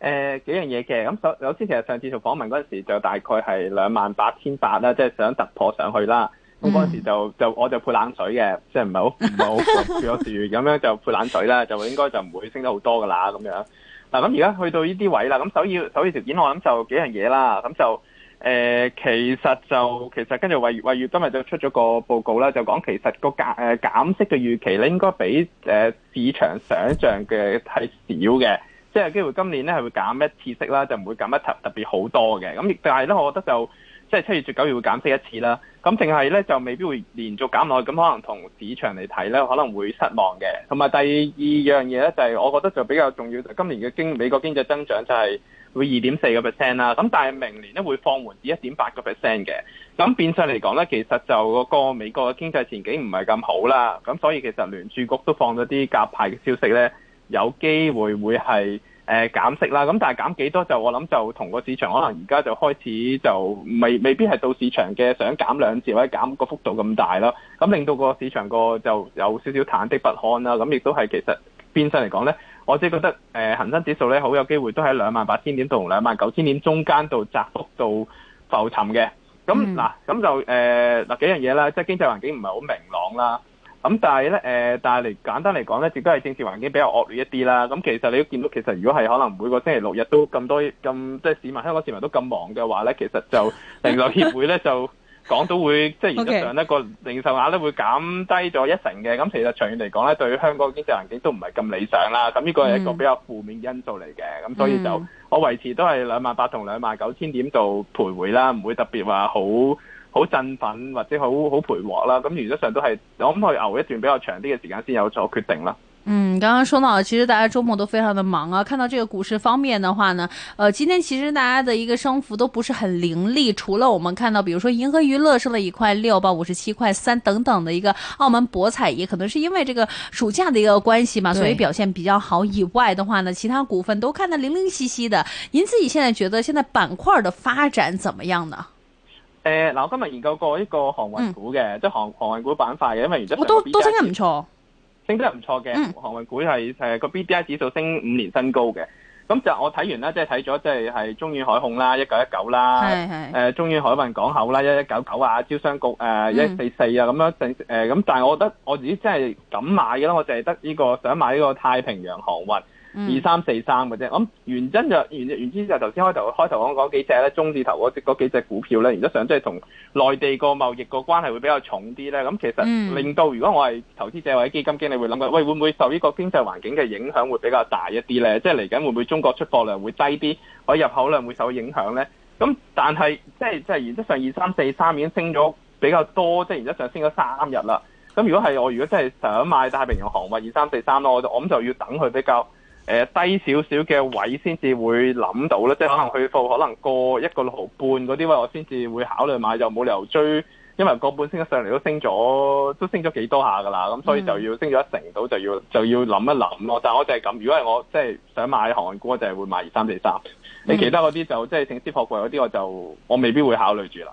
誒、呃、幾樣嘢嘅，咁首先其實上次做訪問嗰陣時，就大概係兩萬八千八啦，即係想突破上去啦。咁嗰陣時就就我就潑冷水嘅，即係唔係好唔係好捉住我住，咁 樣就潑冷水啦，就應該就唔會升得好多㗎啦咁樣。嗱咁而家去到呢啲位啦，咁首要首要條件，我諗就幾樣嘢啦。咁就誒、呃、其實就其實跟住月。維月今日就出咗個報告啦，就講其實個減誒、呃、息嘅預期咧，應該比市場想象嘅係少嘅。即係機會今年咧係會減一次息啦，就唔會減一特特別好多嘅。咁但係咧，我覺得就即係七月至九月會減息一次啦。咁淨係咧就未必會連續減落去，咁可能同市場嚟睇咧可能會失望嘅。同埋第二樣嘢咧就係我覺得就比較重要，今年嘅經美國經濟增長就係會二點四個 percent 啦。咁但係明年咧會放緩至一點八個 percent 嘅。咁變相嚟講咧，其實就個美國嘅經濟前景唔係咁好啦。咁所以其實聯儲局都放咗啲鴿派嘅消息咧。有機會會係誒減息啦，咁但係減幾多就我諗就同個市場可能而家就開始就未未必係到市場嘅想減兩次或者減個幅度咁大啦，咁令到個市場個就有少少忐忑不安啦，咁亦都係其實變相嚟講咧，我自己覺得誒恒生指數咧好有機會都喺兩萬八千點同兩萬九千點中間度窄幅度浮沉嘅，咁嗱咁就誒嗱、呃、幾樣嘢啦，即係經濟環境唔係好明朗啦。咁但係咧，誒、嗯，但係嚟、呃、簡單嚟講咧，亦都係政治環境比較惡劣一啲啦。咁其實你都見到，其實如果係可能每個星期六日都咁多，咁即係市民香港市民都咁忙嘅話咧，其實就零售協會咧 就講到會，即、就、係、是、原則上呢個零售額咧會減低咗一成嘅。咁其實長遠嚟講咧，對於香港經濟環境都唔係咁理想啦。咁呢個係一個比較負面因素嚟嘅。咁、mm hmm. 所以就我維持都係兩萬八同兩萬九千點度徘徊啦，唔會特別話好。好振奮或者好好賠獲啦，咁原則上都係我諗去熬一段比較長啲嘅時間先有所決定啦。嗯，剛剛說到，其實大家周末都非常的忙啊。看到這個股市方面的話呢，呃，今天其實大家的一個升幅都不是很凌厲，除了我們看到，比如說銀河娛樂升了一塊六吧五十七塊三等等的一個澳門博彩，也可能是因為這個暑假的一個關係嘛，所以表現比較好對以外的話呢，其他股份都看得零零兮兮的。您自己現在覺得現在板塊的發展怎麼樣呢？誒，嗱、呃，我今日研究過一個航運股嘅，嗯、即係航航運股板塊嘅，因為而家都都升得唔錯，升得唔錯嘅，航運股係誒個 B D I 指數升五年新高嘅。咁就我睇完是看了是是中海啦，即係睇咗即係係中遠海控啦，一九一九啦，誒、呃、中遠海運港口啦，一一九九啊，招商局誒一四四啊，咁、嗯、樣正誒咁，但係我覺得我自己真係敢買嘅啦，我淨係得呢、這個想買呢個太平洋航運。二三四三嘅啫，咁、嗯、原因就原原因就頭先開頭開頭講講幾隻咧，中字頭嗰幾隻股票咧，原則上即係同內地個貿易個關係會比較重啲咧，咁、嗯嗯、其實令到如果我係投資者或者基金經理會諗嘅，喂會唔會受呢個經濟環境嘅影響會比較大一啲咧？即係嚟緊會唔會中國出貨量會低啲，我入口量會受影響咧？咁但係即係即係，原則上二三四三已經升咗比較多，即係原則上升咗三日啦。咁如果係我如果真係想買太平洋航運二三四三咯，43，我我咁就要等佢比較。誒低少少嘅位先至會諗到咧，即係去到可能過一個六毫半嗰啲位，我先至會考慮買，又冇理由追，因為個半升得上嚟都升咗，都升咗幾多下噶啦，咁、嗯、所以就要升咗一成到就要就要諗一諗咯。但係我就係咁，如果係我即係想買韓股，就係會買二三四三，你其他嗰啲就即係整支貨櫃嗰啲，我就我未必會考慮住啦。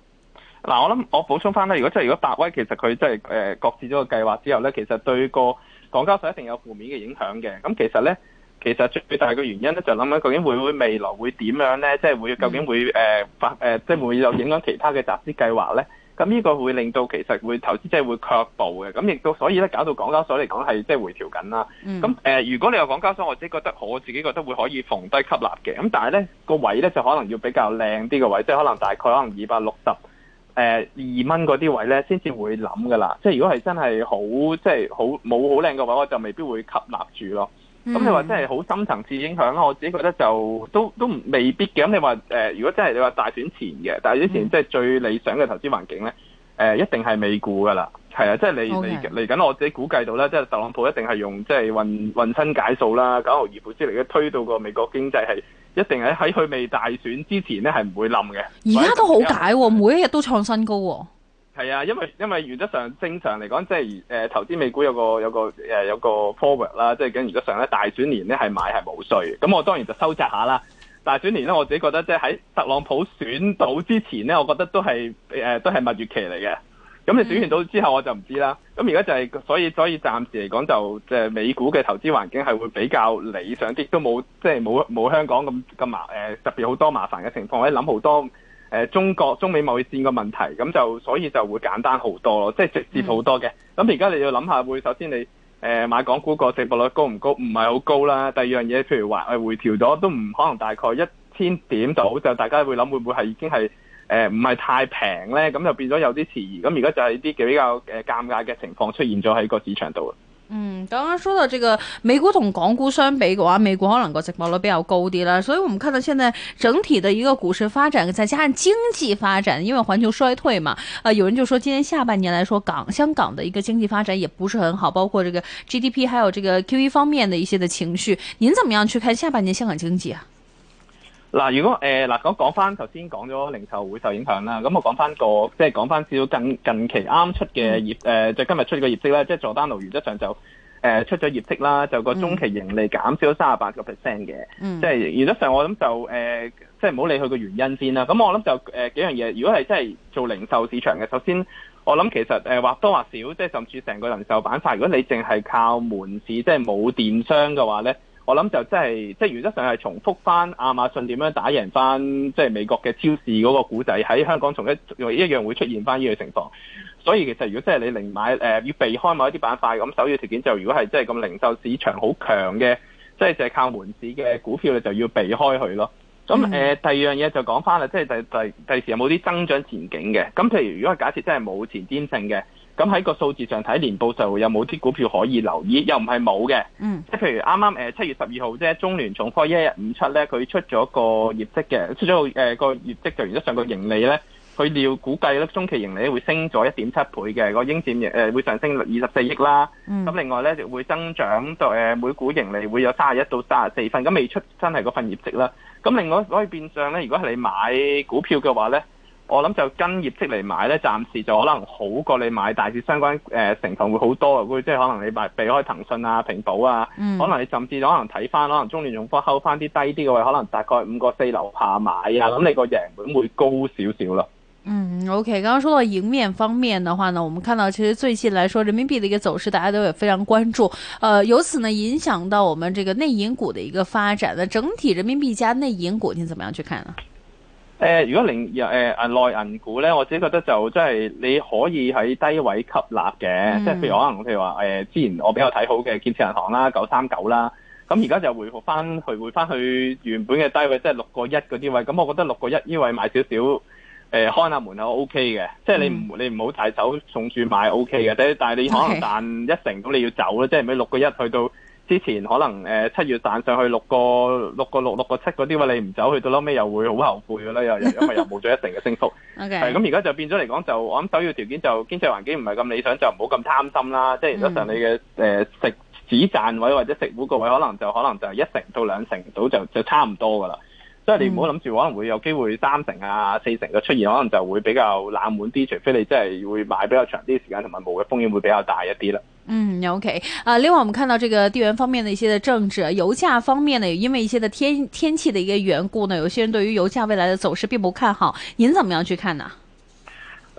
嗱，我諗我補充翻啦。如果即係如果百威其實佢即係誒擱置咗個計劃之後咧，其實對個港交所一定有負面嘅影響嘅。咁其實咧，其實最大嘅原因咧就諗、是、緊究竟會唔會未來會點樣咧？即、就、係、是、會究竟會誒、呃、發即係、呃就是、會有影響其他嘅集資計劃咧？咁呢個會令到其實會投資者會卻步嘅。咁亦都所以咧搞到港交所嚟講係即係回調緊啦。咁、嗯呃、如果你有港交所，我自己覺得我自己覺得會可以逢低吸納嘅。咁但係咧、那個位咧就可能要比較靚啲嘅位，即、就、係、是、可能大概可能二百六十。誒、呃、二蚊嗰啲位咧，先至會諗噶啦。即係、嗯、如果係真係好，即係好冇好靚嘅話，我就未必會吸納住咯。咁、嗯、你話真係好深層次影響咧，我自己覺得就都都未必嘅。咁你話誒、呃，如果真係你話大選前嘅大選前，即係最理想嘅投資環境咧，誒、嗯呃、一定係美股噶啦。係啊、嗯，即係你嚟嚟緊，你 Okay. 我自己估計到咧，即係特朗普一定係用即係渾渾身解數啦，減稅、降息之類嘅，推到個美國經濟係。一定喺喺佢未大選之前咧，係唔會冧嘅。而家都好解、哦，為每一日都創新高、哦。係啊，因為因為原則上正常嚟講，即係誒、呃，投資美股有個、呃、有個誒有個 profit 啦，即係咁原則上咧，大選年咧係買係冇稅。咁我當然就收窄下啦。大選年咧，我自己覺得即係喺特朗普選到之前咧，我覺得都係誒、呃、都係蜜月期嚟嘅。咁你選完到之後我就唔知啦。咁而家就係，所以所以暫時嚟講就即係美股嘅投資環境係會比較理想啲，都冇即係冇冇香港咁、咁麻、誒特別好多麻煩嘅情況，可以諗好多中國、中美貿易戰嘅問題。咁就所以就會簡單好多咯，即係直接好多嘅。咁而家你要諗下會首先你誒買港股個值搏率高唔高？唔係好高啦。第二樣嘢譬如話誒回調咗都唔可能大概一千點就好，就大家會諗會唔會係已經係。誒，唔係、呃、太平咧，咁就變咗有啲遲疑。咁而家就係啲比較誒尷尬嘅情況出現咗喺個市場度。嗯，剛剛說到這個美股同港股相比嘅話，美國可能個值搏率比較高啲啦。所以，我們看到現在整體的一個股市發展，再加上經濟發展，因為環球衰退嘛。啊、呃，有人就說今年下半年來說，港香港的一個經濟發展也不是很好，包括這個 GDP 還有這個 QE 方面的一些的情緒。您怎麼樣去看下半年香港經濟啊？嗱，如果誒嗱，講、呃、講翻頭先講咗零售會受影響啦，咁我講翻個即係、就是、講翻少少近近期啱出嘅業、嗯呃、就今日出嘅業績呢，即係佐丹奴原則上就誒、呃、出咗業績啦，就個中期盈利減少三十八個 percent 嘅，即係、嗯、原則上我諗就誒，即係唔好理佢個原因先啦。咁我諗就誒、呃、幾樣嘢，如果係真係做零售市場嘅，首先我諗其實誒或、呃、多或少，即係甚至成個零售板塊，如果你淨係靠門市，即係冇電商嘅話咧。我諗就即係，即係原則上係重複翻亞馬遜點樣打贏翻即係美國嘅超市嗰個股仔，喺香港從一一樣會出現翻呢個情況。所以其實如果真係你零買，呃，要避開某一啲板塊，咁首要條件就如果係即係咁零售市場好強嘅，即係就係靠門市嘅股票你就要避開佢咯。咁誒，呃，第二樣嘢就講翻啦，即係第第第時有冇啲增長前景嘅？咁譬如如果係假設真係冇前瞻性嘅。咁喺個數字上睇年報就有冇啲股票可以留意，又唔係冇嘅。即係、嗯、譬如啱啱誒七月十二號啫，中聯重科一一五七咧，佢出咗個業績嘅，出咗誒個業績就完咗，個上個盈利咧，佢要估計咧中期盈利會升咗一點七倍嘅，那個應佔誒、呃、會上升二十四億啦。咁、嗯、另外咧就會增長到每股盈利會有三十一到三十四分。咁未出真係嗰份業績啦。咁另外可以變相咧，如果係你買股票嘅話咧。我諗就跟業績嚟買咧，暫時就可能好過你買大市相關誒、呃、成分會好多，會即係可能你買避開騰訊啊、平保啊，嗯、可能你甚至可能睇翻，可能中聯重科後翻啲低啲嘅位，可能大概五個四樓下買啊，咁你個贏本會，會高少少咯。嗯，OK，剛剛說到贏面方面的話呢，我們看到其實最近來說人民幣的一個走勢，大家都也非常關注，呃由此呢影響到我們這個內銀股的一個發展。那整體人民幣加內銀股，你怎麼樣去看呢？誒、呃，如果你又誒銀、呃、內銀股咧，我自己覺得就即係、就是、你可以喺低位吸納嘅，即係、嗯、譬如可能譬如話誒，之前我比較睇好嘅建設銀行啦、九三九啦，咁而家就回復翻去，回翻去原本嘅低位，即係六個一嗰啲位，咁我覺得六個一呢位買少少，誒看下門口 O K 嘅，即係、嗯、你唔你唔好太手送住買 O K 嘅，但但係你可能賺一成都你要走啦，即係唔俾六個一去到。之前可能誒七月彈上去六個六個六六個七嗰啲，話你唔走去到撈尾又會好後悔㗎啦，又因為又冇咗一成嘅升幅。係咁而家就變咗嚟講，就我諗首要條件就經濟環境唔係咁理想，就唔好咁貪心啦。即係如果上你嘅、mm. 呃、食指賺位或者食股個位，可能就可能就一成到兩成到就就差唔多㗎啦。即係你唔好諗住可能會有機會三成啊四成嘅出現，可能就會比較冷門啲，除非你即係會買比較長啲時間同埋冇嘅風險會比較大一啲啦。嗯，OK 啊，另外我們看到這個地緣方面的一些嘅政治、油價方面呢，因為一些嘅天天氣的一個緣故呢，有些人對於油價未來嘅走勢並不看好，您怎麼樣去看呢？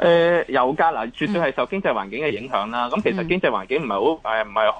誒、呃、油價嗱，絕對係受經濟環境嘅影響啦。咁、嗯、其實經濟環境唔係好唔係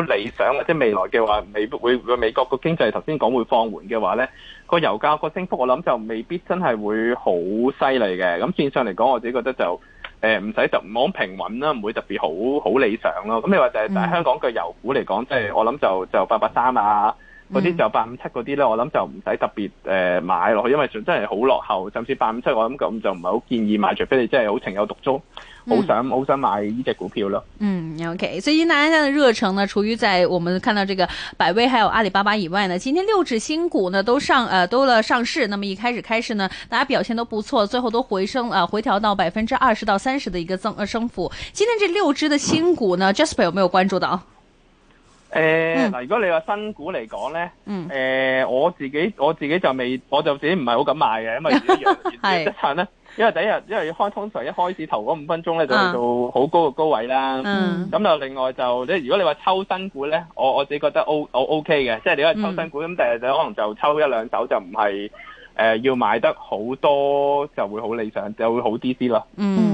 好理想，或者未來嘅話，未必會個美國個經濟頭先講會放緩嘅話咧，個油價個升幅我諗就未必真係會好犀利嘅。咁線上嚟講，我自己覺得就誒唔使就唔好平穩啦，唔會特別好好理想咯。咁你話就係、是、就、嗯、香港嘅油股嚟講，即係的我諗就就八百三啊。嗰啲就八五七嗰啲咧，我諗就唔使特別誒買落去，因為真係好落後，甚至八五七我諗咁就唔係好建議買，除非你真係好情有獨鍾，好想好想買呢隻股票咯。嗯，OK，最近大家嘅熱誠呢，除於在我們看到這個百威，還有阿里巴巴以外呢，今天六隻新股呢都上，呃都了上市，那麼一開始開市呢，大家表現都不錯，最後都回升，啊回調到百分之二十到三十的一個增升幅。今天這六隻的新股呢、嗯、，Jasper 有沒有關注到？誒，嗱、呃，嗯、如果你話新股嚟講咧，誒、呃嗯，我自己我自己就未，我就自己唔係好敢買嘅，因為如果樣樣一襯咧， 是因為第一日因為開通常一開始頭嗰五分鐘咧就去到好高嘅高位啦。咁、啊嗯、就另外就即係如果你話抽新股咧，我我自己覺得 O O O K 嘅，即係你話抽新股咁第日就可能就抽一兩手就唔係誒要買得好多就會好理想，就會好啲啲咯。嗯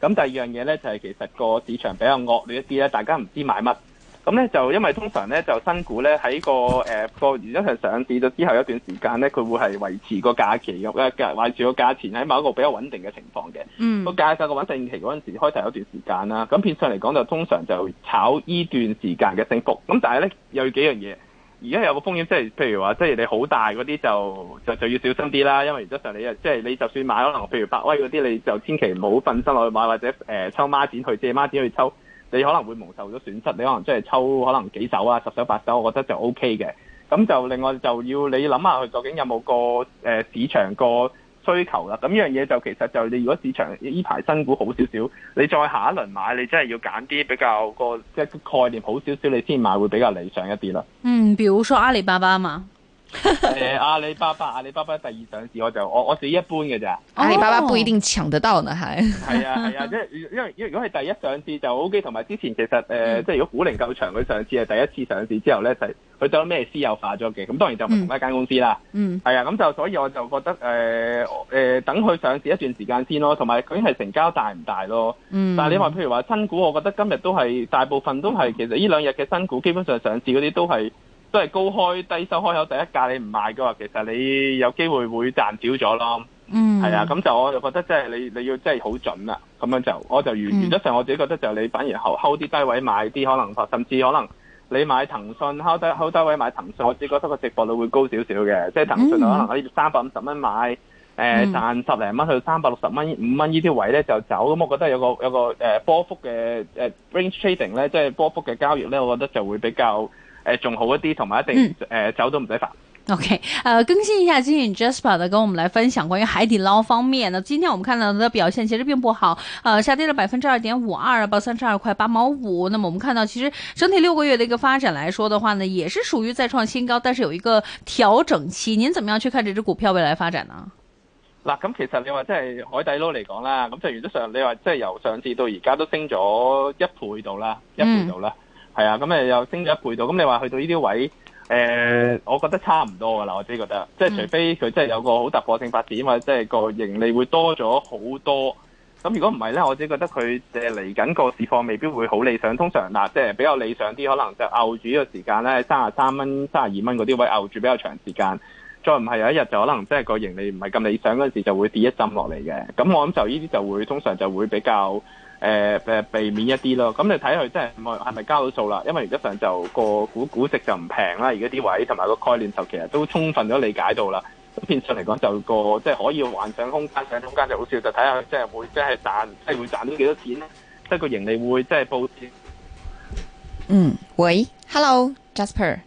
咁第二樣嘢咧就係、是、其實個市場比較惡劣一啲咧，大家唔知買乜。咁咧就因為通常咧就新股咧喺個誒個如果係上市咗之後一段時間咧，佢會係維持個價期嘅咧維持個價錢喺某一個比較穩定嘅情況嘅。個、嗯、價格個穩定期嗰陣時開頭有段時間啦，咁變相嚟講就通常就炒依段時間嘅升幅。咁但係咧有幾樣嘢。而家有個風險，即係譬如話，即係你好大嗰啲就就就要小心啲啦，因為原則上你啊，即係你就算買可能譬如百威嗰啲，你就千祈唔好瞓身落去買，或者、呃、抽孖展去借孖展去抽，你可能會蒙受咗損失。你可能即係抽可能幾手啊、十手、八手，我覺得就 O K 嘅。咁就另外就要你諗下佢究竟有冇個、呃、市場個需求啦，咁呢樣嘢就其實就你如果市場呢排新股好少少，你再下一輪買，你真係要揀啲比較個即係概念好少少，你先買會比較理想一啲啦。嗯，譬如說阿里巴巴嘛。誒、 呃，阿里巴巴，阿里巴巴第二上市，我就我我是一般嘅咋。阿里巴巴不一定搶得到呢，係。係啊係啊，因為因為如果係第一上市就 OK。同埋之前其實誒，呃嗯、即係如果股齡夠長，佢上市係第一次上市之後呢，就佢當咩私有化咗嘅，咁當然就唔同一間公司啦。嗯。係啊，咁就所以我就覺得誒誒、呃呃，等佢上市一段時間先咯，同埋究竟係成交大唔大咯？嗯、但係你話譬如話新股，我覺得今日都係大部分都係，其實呢兩日嘅新股基本上上市嗰啲都係。都係高開低收，開口第一價，你唔買嘅話，其實你有機會會賺少咗咯。嗯，係啊，咁就我就覺得即係你你要真係好準啊。咁樣就我就原原則上，我自己覺得就你反而 hold hold 啲低位買啲可能，甚至可能你買騰訊 hold 低 hold 低位買騰訊，我自己覺得個值搏率會高少少嘅。即係騰訊可能喺三百五十蚊買，誒、嗯呃、賺十零蚊去三百六十蚊五蚊呢條位咧就走。咁我覺得有個有個、呃、波幅嘅、呃、range trading 咧，即係波幅嘅交易咧，我覺得就會比較。誒，仲好一啲，同埋一定誒、嗯呃、走都唔使煩。OK，呃更新一下金，金融 Jasper 跟我們來分享關於海底撈方面，那今天我們看到的表現其實並不好，呃下跌了百分之二點五二，到三十二塊八毛五。那麼我們看到其實整體六個月的一個發展來說的話呢，也是屬於再創新高，但是有一個調整期。您怎麼樣去看這隻股票未來發展呢？嗱，咁、嗯、其實你話即係海底撈嚟講啦，咁就原則上你話即係由上市到而家都升咗一倍到啦，一倍到啦。係啊，咁誒又升咗一倍度，咁你話去到呢啲位，誒、呃，我覺得差唔多㗎啦，我自己覺得，即係除非佢真係有個好突破性發展，或者、mm. 即係個盈利會多咗好多。咁如果唔係咧，我自己覺得佢誒嚟緊個市況未必會好理想。通常嗱，即係比較理想啲，可能就熬住呢個時間咧，三十三蚊、三十二蚊嗰啲位熬住比較長時間。再唔係有一日就可能即係個盈利唔係咁理想嗰陣時，就會跌一浸落嚟嘅。咁我諗就呢啲就會通常就會比較。誒誒，避免一啲咯。咁你睇佢真係，係咪交到數啦？因為而家上就個股估值就唔平啦，而家啲位同埋個概念就其實都充分咗理解到啦。變相嚟講就個即係可以幻想空間，幻想空間就好少。就睇下即係會即係賺，即係會賺到幾多錢咧？即係個盈利會即係報先。嗯，喂，Hello，Jasper，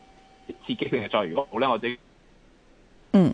刺激性嘅作用如果好咧，我哋嗯。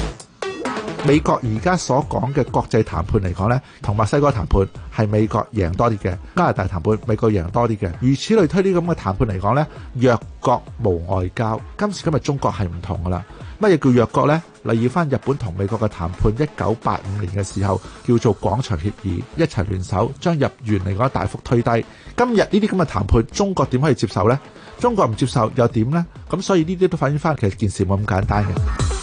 美國而家所講嘅國際談判嚟講呢，同墨西哥談判係美國贏多啲嘅，加拿大談判美國贏多啲嘅，如此類推，呢啲咁嘅談判嚟講呢，弱國無外交。今時今日中國係唔同噶啦。乜嘢叫弱國呢？例如翻日本同美國嘅談判，一九八五年嘅時候叫做廣場協議，一齊聯手將日元嚟講大幅推低。今日呢啲咁嘅談判，中國點可以接受呢？中國唔接受又點呢？咁所以呢啲都反映翻，其實件事冇咁簡單嘅。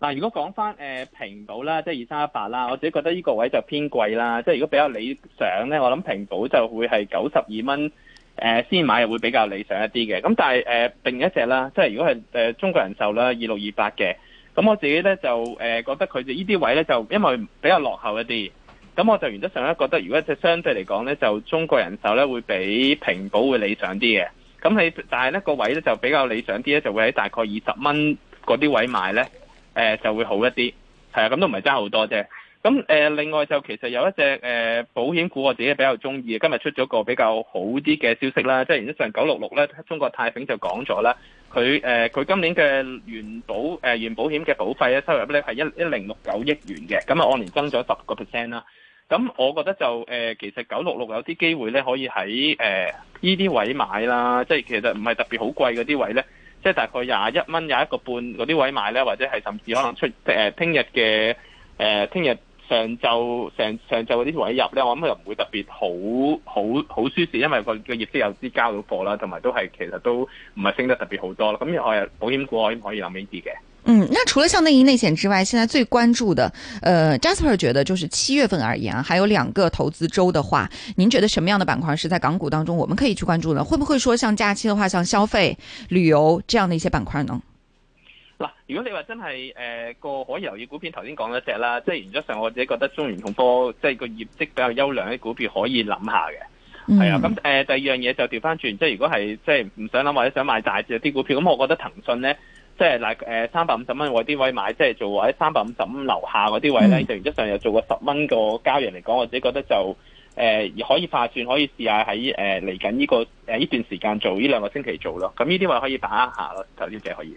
嗱，如果講翻誒平保啦，即係二三一八啦，我自己覺得呢個位就偏貴啦。即係如果比較理想咧，我諗平保就會係九十二蚊誒先買，會比較理想一啲嘅。咁但係誒、呃、另一隻啦，即係如果係中國人壽啦，二六二八嘅，咁我自己咧就誒覺得佢哋呢啲位咧就因為比較落後一啲，咁我就原則上咧覺得如果即係相對嚟講咧，就中國人壽咧會比平保會理想啲嘅。咁但係咧個位咧就比較理想啲咧，就會喺大概二十蚊嗰啲位買咧。誒、呃，就會好一啲，係啊，咁都唔係爭好多啫。咁誒、呃，另外就其實有一隻誒、呃、保險股，我自己比較中意，今日出咗個比較好啲嘅消息啦。即係，原則上九六六咧，中國太平就講咗啦，佢誒，佢、呃、今年嘅原保誒、呃、原保險嘅保費咧收入咧係一一零六九億元嘅，咁啊按年增咗十個 percent 啦。咁我覺得就誒、呃，其實九六六有啲機會咧，可以喺誒呢啲位買啦，即、就、係、是、其實唔係特別好貴嗰啲位咧。即係大概廿一蚊廿一個半嗰啲位買咧，或者係甚至可能出誒聽日嘅誒聽日上晝上晝嗰啲位入咧，我諗佢又唔會特別好好好舒適，因為個個業績有啲交到貨啦，同埋都係其實都唔係升得特別好多啦。咁我保險股我咁可以諗一啲嘅。嗯，那除了像內銀內險之外，現在最關注的，呃，Jasper 覺得就是七月份而言啊，還有兩個投資周的話，您覺得什麼樣的板塊是在港股當中我們可以去關注呢？會不會說像假期的話，像消費、旅遊這樣的一些板塊呢？嗱，如果你話真係，誒、呃，那個可以留意的股票，頭先講咗隻啦，即係原則上我自己覺得中原控股，即係個業績比較優良啲股票可以諗下嘅，係、嗯、啊。咁誒、呃、第二樣嘢就調翻轉，即係如果係即係唔想諗或者想買大隻啲股票，咁我覺得騰訊呢。即係，嗱，誒，三百五十蚊嗰啲位買，即係做喺三百五十五樓下嗰啲位咧，嗯、就原則上有做過十蚊個交易嚟講，我自己覺得就誒、呃、可以化算，可以試、呃、下喺誒嚟緊呢個誒呢、呃、段時間做呢兩個星期做咯，咁呢啲位可以把握下咯，頭先嘅可以。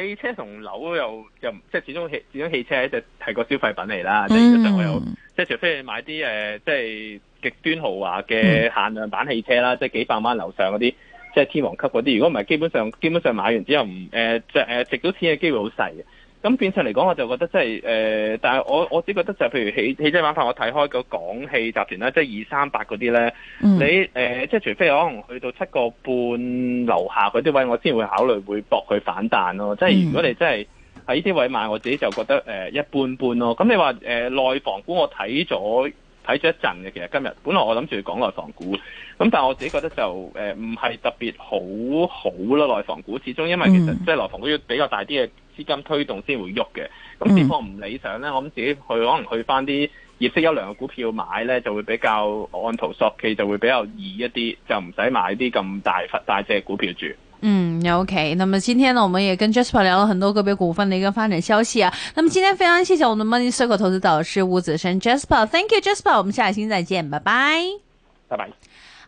汽車同樓又又即係始終始終汽車係一隻係個消費品嚟啦、mm hmm.，即係通常我又即係除非你買啲誒即係極端豪華嘅限量版汽車啦，mm hmm. 即係幾百萬樓上嗰啲，即係天王級嗰啲。如果唔係，基本上基本上買完之後唔誒著誒值到錢嘅機會好細嘅。咁變相嚟講，我就覺得即係誒，但係我我只覺得就係譬如汽、汽車板塊，我睇開個廣汽集團咧，即係二三八嗰啲咧，嗯、你誒即係除非我可能去到七個半樓下嗰啲位，我先會考慮會搏佢反彈咯。即、就、係、是、如果你真係喺呢啲位買，我自己就覺得誒、呃、一般般咯。咁你話誒、呃、內房股我，我睇咗睇咗一陣嘅，其實今日本來我諗住講內房股，咁但係我自己覺得就誒唔係特別好好咯。內房股始終因為其實即係內房股要比較大啲嘅。資金推動先會喐嘅，咁情況唔理想咧，嗯、我諗自己去可能去翻啲業績優良嘅股票買咧，就會比較按圖索驥，就會比較易一啲，就唔使買啲咁大大隻股票住。嗯，OK，咁啊，今天呢，我們也跟 Jasper 聊了很多個別股份嘅一個發展消息啊。咁啊，今天非常謝謝我們 Money Circle 投資導師吳子軒 Jasper，Thank you Jasper，我們下期再見，拜拜，拜拜。